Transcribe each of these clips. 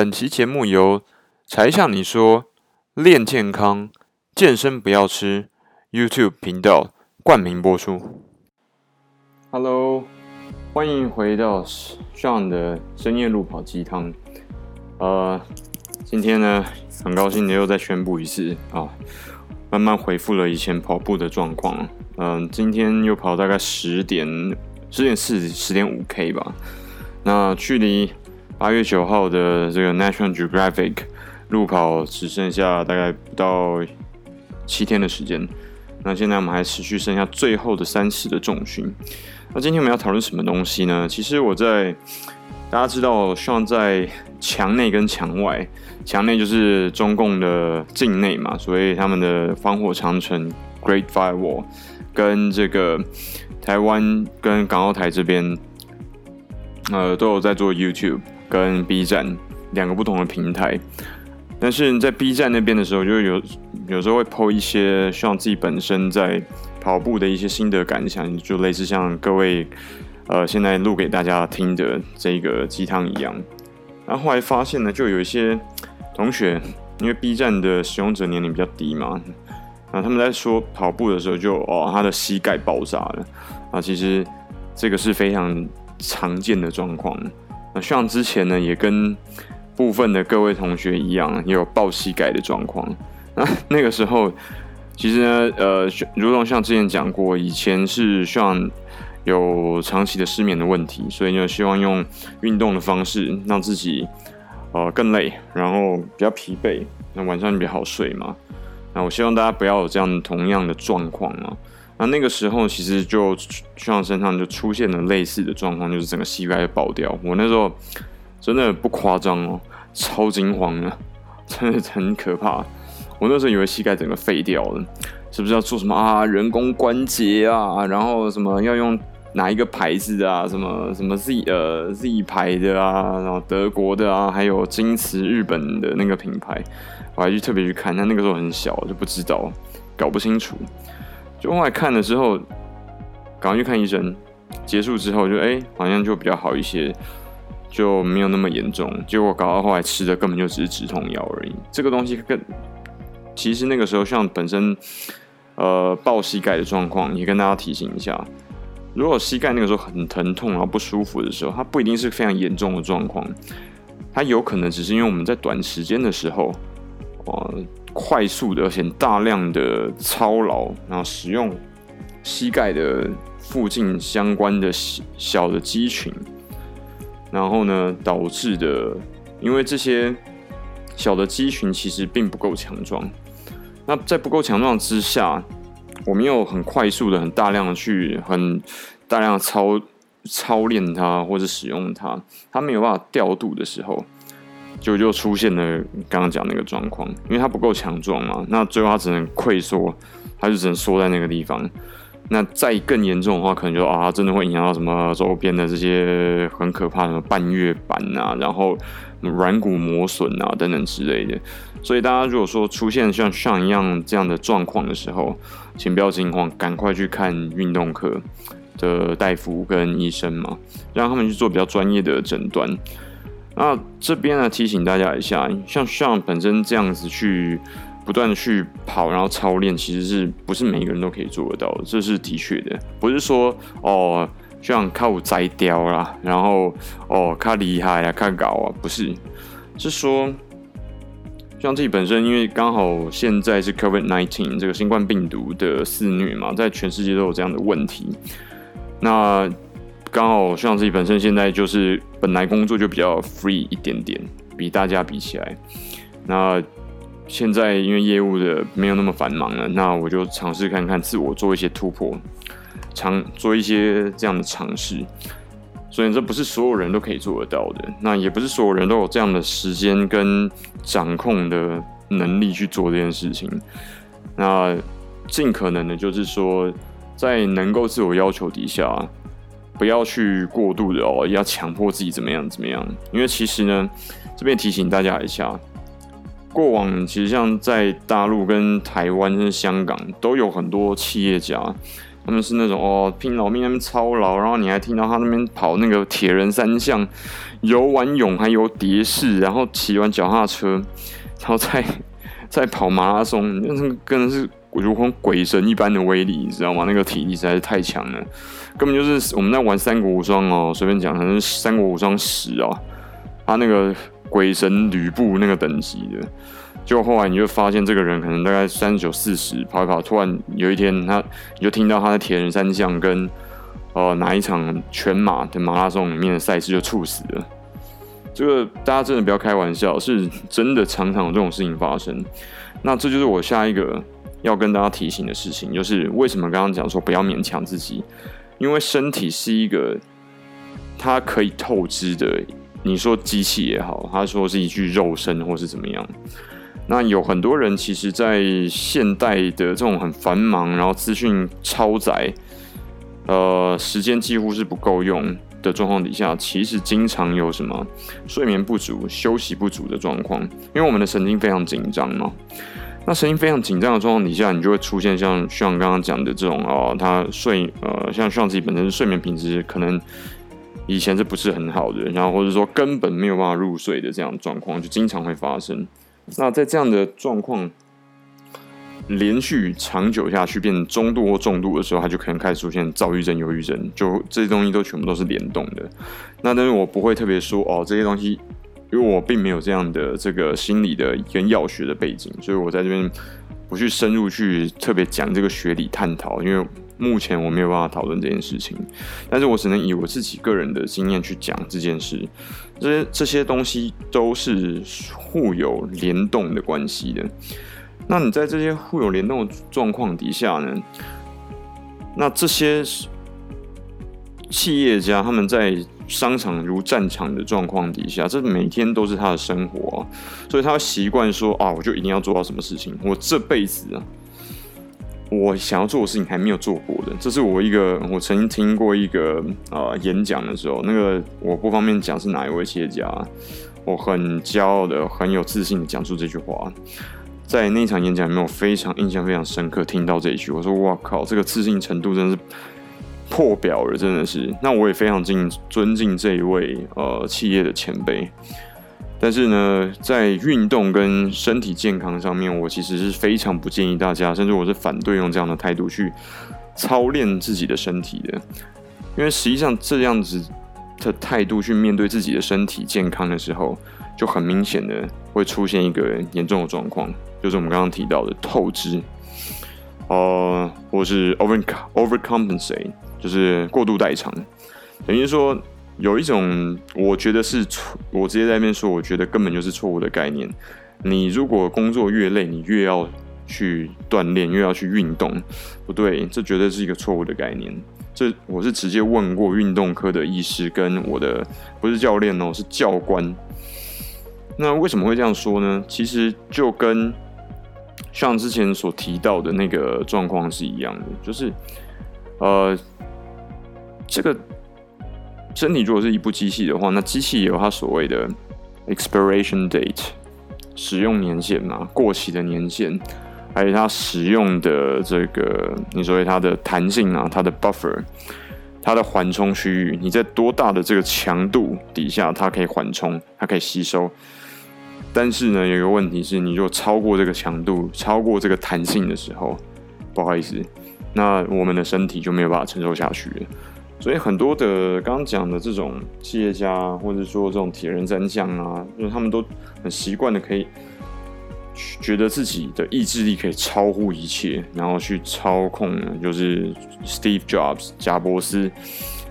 本期節目由“才向你說練健康健身不要吃 ”YouTube 頻道冠名播出。Hello，歡迎回到 Sean 的深夜路跑雞湯。呃，今天呢，很高興你又再宣布一次啊，慢慢恢復了以前跑步的狀況。嗯、呃，今天又跑大概十點、十點四、十點五 K 吧。那距離。八月九號的這個 National Geographic 路跑只剩下大概不到七天的時間。那現在我們還持續剩下最後的三次的重訓。那今天我們要討論什麼東西呢？其實我在大家知道，我希望在牆內跟牆外，牆內就是中共的境內嘛，所以他們的防火長城 Great Firewall，跟這個台灣跟港澳台這邊，呃，都有在做 YouTube。跟 B 站兩個不同的平台，但是在 B 站那邊的時候，就有有時候會 PO 一些希望自己本身在跑步的一些心得感想，就類似像各位呃現在錄給大家聽的這個雞湯一樣。那、啊、後來發現呢，就有一些同學，因為 B 站的使用者年齡比較低嘛，啊，他們在說跑步的時候就哦，他的膝蓋爆炸了啊，其實這個是非常常見的狀況。那像之前呢，也跟部分的各位同學一樣，也有爆膝蓋的狀況。那那個時候，其實呢，呃，如同像之前講過，以前是希望有長期的失眠的問題，所以就希望用運動的方式讓自己呃更累，然後比較疲憊，那晚上你比較好睡嘛。那我希望大家不要有這樣同樣的狀況啊。那、啊、那個時候，其實就像身上就出現了類似的狀況，就是整個膝蓋爆掉。我那時候真的不誇張哦，超驚慌的、啊，真的很可怕。我那時候以為膝蓋整個廢掉了，是不是要做什麼啊？人工關節啊？然後什麼要用哪一個牌子的啊？什麼什麼 Z 呃 Z 牌的啊？然後德國的啊？還有金瓷日本的那個品牌，我還去特別去看。但那個時候很小，就不知道，搞不清楚。就後來看了之後，趕快去看醫生。結束之後就，就、欸、哎，好像就比較好一些，就沒有那麼嚴重。結果搞到後來吃的根本就只是止痛藥而已。這個東西跟其實那個時候像本身呃抱膝蓋的狀況，也跟大家提醒一下：如果膝蓋那個時候很疼痛，然後不舒服的時候，它不一定是非常嚴重的狀況，它有可能只是因為我們在短時間的時候。呃，快速的，而且很大量的操勞，然後使用膝蓋的附近相關的小的小的肌群，然後呢，導致的，因為這些小的肌群其實並不夠強壯。那在不夠強壯之下，我們又很快速的、很大量的去、很大量的操操練它，或者使用它，它沒有辦法調度的時候。就出現了剛剛講那個狀況，因為它不夠強壯嘛，那最後它只能潰縮，它就只能縮在那個地方。那再更嚴重的話，可能就說啊，它真的會影響到什麼周邊的這些很可怕的什麼半月板啊，然後軟骨磨損啊等等之類的。所以大家如果說出現像 Sean 一樣這樣的狀況的時候，請不要驚慌，趕快去看運動科的大夫跟醫生嘛，讓他們去做比較專業的診斷。那這邊呢，提醒大家一下，像像本身這樣子去不斷去跑，然後操練，其實是不是每個人都可以做得到？這是的確的，不是說哦，像靠摘雕啦，然後哦，靠厲害啊，靠高啊，不是，就是說像自己本身，因為剛好現在是 COVID-19 這個新冠病毒的肆虐嘛，在全世界都有這樣的問題，那。剛好，像自己本身現在就是本來工作就比較 free 一點點，比大家比起來，那現在因為業務的沒有那麼繁忙了，那我就嘗試看看自我做一些突破，嘗做一些這樣的嘗試。所以這不是所有人都可以做得到的，那也不是所有人都有這樣的時間跟掌控的能力去做這件事情。那盡可能的，就是說在能夠自我要求底下。不要去過度的哦，要強迫自己怎麼樣怎麼樣？因為其實呢，這邊提醒大家一下，過往其實像在大陸、跟台灣、跟香港都有很多企業家，他們是那種哦拼老命在那邊操勞，然後你還聽到他那邊跑那個鐵人三項，游完泳還游蝶式，然後騎完腳踏車，然後再再跑馬拉松，那真的是。如同鬼神一般的威力，你知道嗎？那個體力實在是太強了，根本就是我們在玩《三國無雙》喔。隨便講，可能《三國無雙》十哦。他那個鬼神呂布那個等級的，就後來你就發現這個人可能大概三十九、四十跑一跑，突然有一天他你就聽到他的鐵人三項跟呃哪一場全馬的馬拉松裡面的賽事就猝死了。這個大家真的不要開玩笑，是真的常常有這種事情發生。那這就是我下一個。要跟大家提醒的事情，就是為什麼剛剛講說不要勉強自己，因為身體是一個它可以透支的。你說機器也好，他說是一具肉身，或是怎麼樣？那有很多人其實，在現代的這種很繁忙，然後資訊超載，呃，時間幾乎是不夠用的狀況底下，其實經常有什麼睡眠不足、休息不足的狀況，因為我們的神經非常緊張嘛。那聲音非常緊張的狀況底下，你就會出現像 Sean 剛剛講的這種哦、呃，他睡呃，像 Sean 自己本身是睡眠品質可能以前是不是很好的，然後或者說根本沒有辦法入睡的這樣狀況，就經常會發生。那在這樣的狀況連續長久下去，變成中度或重度的時候，他就可能開始出現躁鬱症、憂鬱症，就這些東西都全部都是聯動的。那但是我不會特別說哦，這些東西。因為我並沒有這樣的這個心理的跟藥學的背景，所以我在這邊不去深入去特別講這個學理探討，因為目前我沒有辦法討論這件事情，但是我只能以我自己個人的經驗去講這件事。這些這些東西都是互有聯動的關係的。那你在這些互有聯動的狀況底下呢，那這些企業家他們在商場如戰場的狀況底下，這每天都是他的生活、啊，所以他習慣說：“啊，我就一定要做到什麼事情，我這輩子啊，我想要做的事情還沒有做過的。”這是我一個，我曾經聽過一個啊、呃、演講的時候，那個我不方便講是哪一位企業家、啊，我很驕傲的、很有自信的講出這句話。在那場演講裡面，我非常印象非常深刻，聽到這一句，我說：“哇靠，這個自信程度真的是。”破表了，真的是。那我也非常敬尊敬這一位呃企業的前輩。但是呢，在運動跟身體健康上面，我其實是非常不建議大家，甚至我是反對用這樣的態度去操練自己的身體的。因為實際上這樣子的態度去面對自己的身體健康的時候，就很明顯的會出現一個嚴重的狀況，就是我們剛剛提到的透支，呃，或是 over overcompensate。就是過度代償，等於說有一種，我覺得是錯，我直接在那邊說，我覺得根本就是錯誤的概念。你如果工作越累，你越要去鍛鍊，越要去運動，不對，這絕對是一個錯誤的概念。這我是直接問過運動科的醫師跟我的，不是教練哦、喔，是教官。那為什麼會這樣說呢？其實就跟像之前所提到的那個狀況是一樣的，就是呃。這個身體如果是一部機器的話，那機器也有它所謂的 expiration date 使用年限嘛，過期的年限，還有它使用的這個，你所謂它的彈性啊，它的 buffer，它的緩衝區域，你在多大的這個強度底下，它可以緩衝，它可以吸收。但是呢，有一個問題是，你若超過這個強度，超過這個彈性的時候，不好意思，那我們的身體就沒有辦法承受下去了。所以很多的剛剛講的這種企業家，或者說這種鐵人三項啊，因為他們都很習慣的可以，覺得自己的意志力可以超乎一切，然後去操控，就是 Steve Jobs 賈伯斯，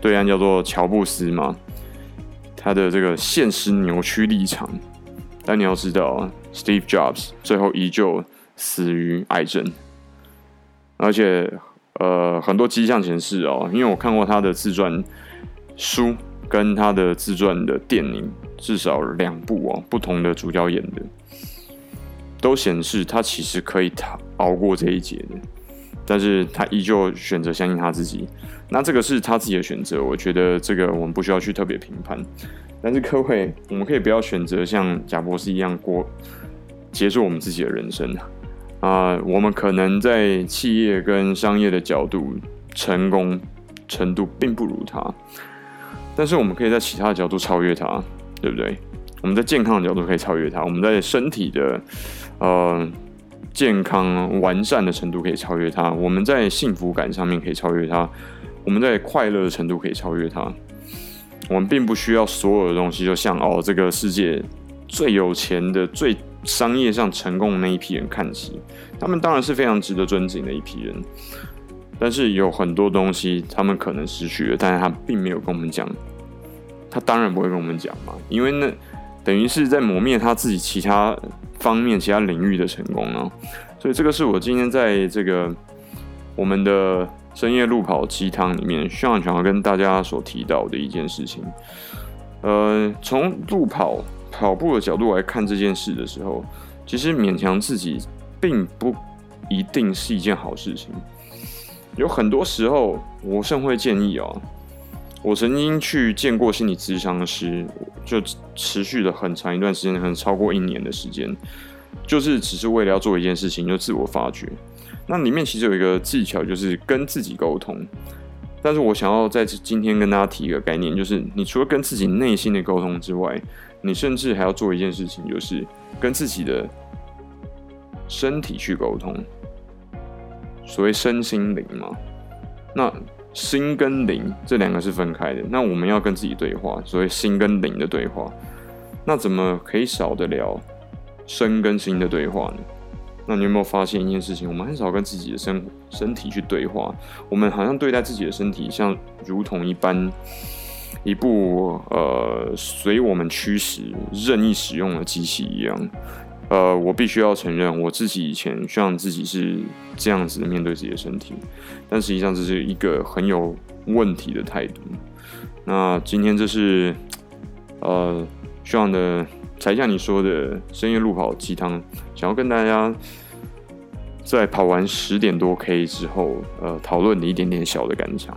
對岸叫做喬布斯嘛，他的這個現實扭曲力場。但你要知道，Steve Jobs 最後依舊死於癌症，而且。呃，很多跡象顯示哦，因為我看過他的自傳書跟他的自傳的電影，至少兩部哦，不同的主角演的，都顯示他其實可以逃熬過這一劫的。但是他依舊選擇相信他自己，那這個是他自己的選擇，我覺得這個我們不需要去特別評判。但是各位，我們可以不要選擇像賈伯斯一樣過結束我們自己的人生。啊、呃，我們可能在企業跟商業的角度成功程度並不如他，但是我們可以在其他的角度超越他，對不對？我們在健康的角度可以超越他，我們在身體的呃健康完善的程度可以超越他，我們在幸福感上面可以超越他，我們在快樂的程度可以超越他。我們並不需要所有的東西，就像哦這個世界。最有錢的、最商業上成功的那一批人看齊，他們當然是非常值得尊敬的一批人。但是有很多東西他們可能失去了，但是他並沒有跟我們講。他當然不會跟我們講嘛，因為那等於是在磨滅他自己其他方面、其他領域的成功了、啊。所以這個是我今天在這個我們的深夜路跑雞湯裡面，希望想要跟大家所提到的一件事情。呃，從路跑。跑步的角度來看這件事的時候，其實勉強自己並不一定是一件好事情。有很多時候，我甚會建議喔，我曾經去見過心理諮商師，就持續了很長一段時間，可能超過一年的時間，就是只是為了要做一件事情，就自我發掘。那裡面其實有一個技巧，就是跟自己溝通。但是我想要在今天跟大家提一個概念，就是你除了跟自己內心的溝通之外，你甚至還要做一件事情，就是跟自己的身體去溝通。所謂身心靈嘛，那心跟靈這兩個是分開的。那我們要跟自己對話，所謂心跟靈的對話，那怎麼可以少得了身跟心的對話呢？那你有沒有發現一件事情？我們很少跟自己的身身體去對話，我們好像對待自己的身體，像如同一般。一部呃，隨我們驅使、任意使用的機器一樣，呃，我必須要承認，我自己以前希望自己是這樣子面對自己的身體，但實際上這是一個很有問題的態度。那今天這是呃，希望的才像你說的深夜路跑雞湯，想要跟大家在跑完十點多 K 之後，呃，討論你一點點小的感想。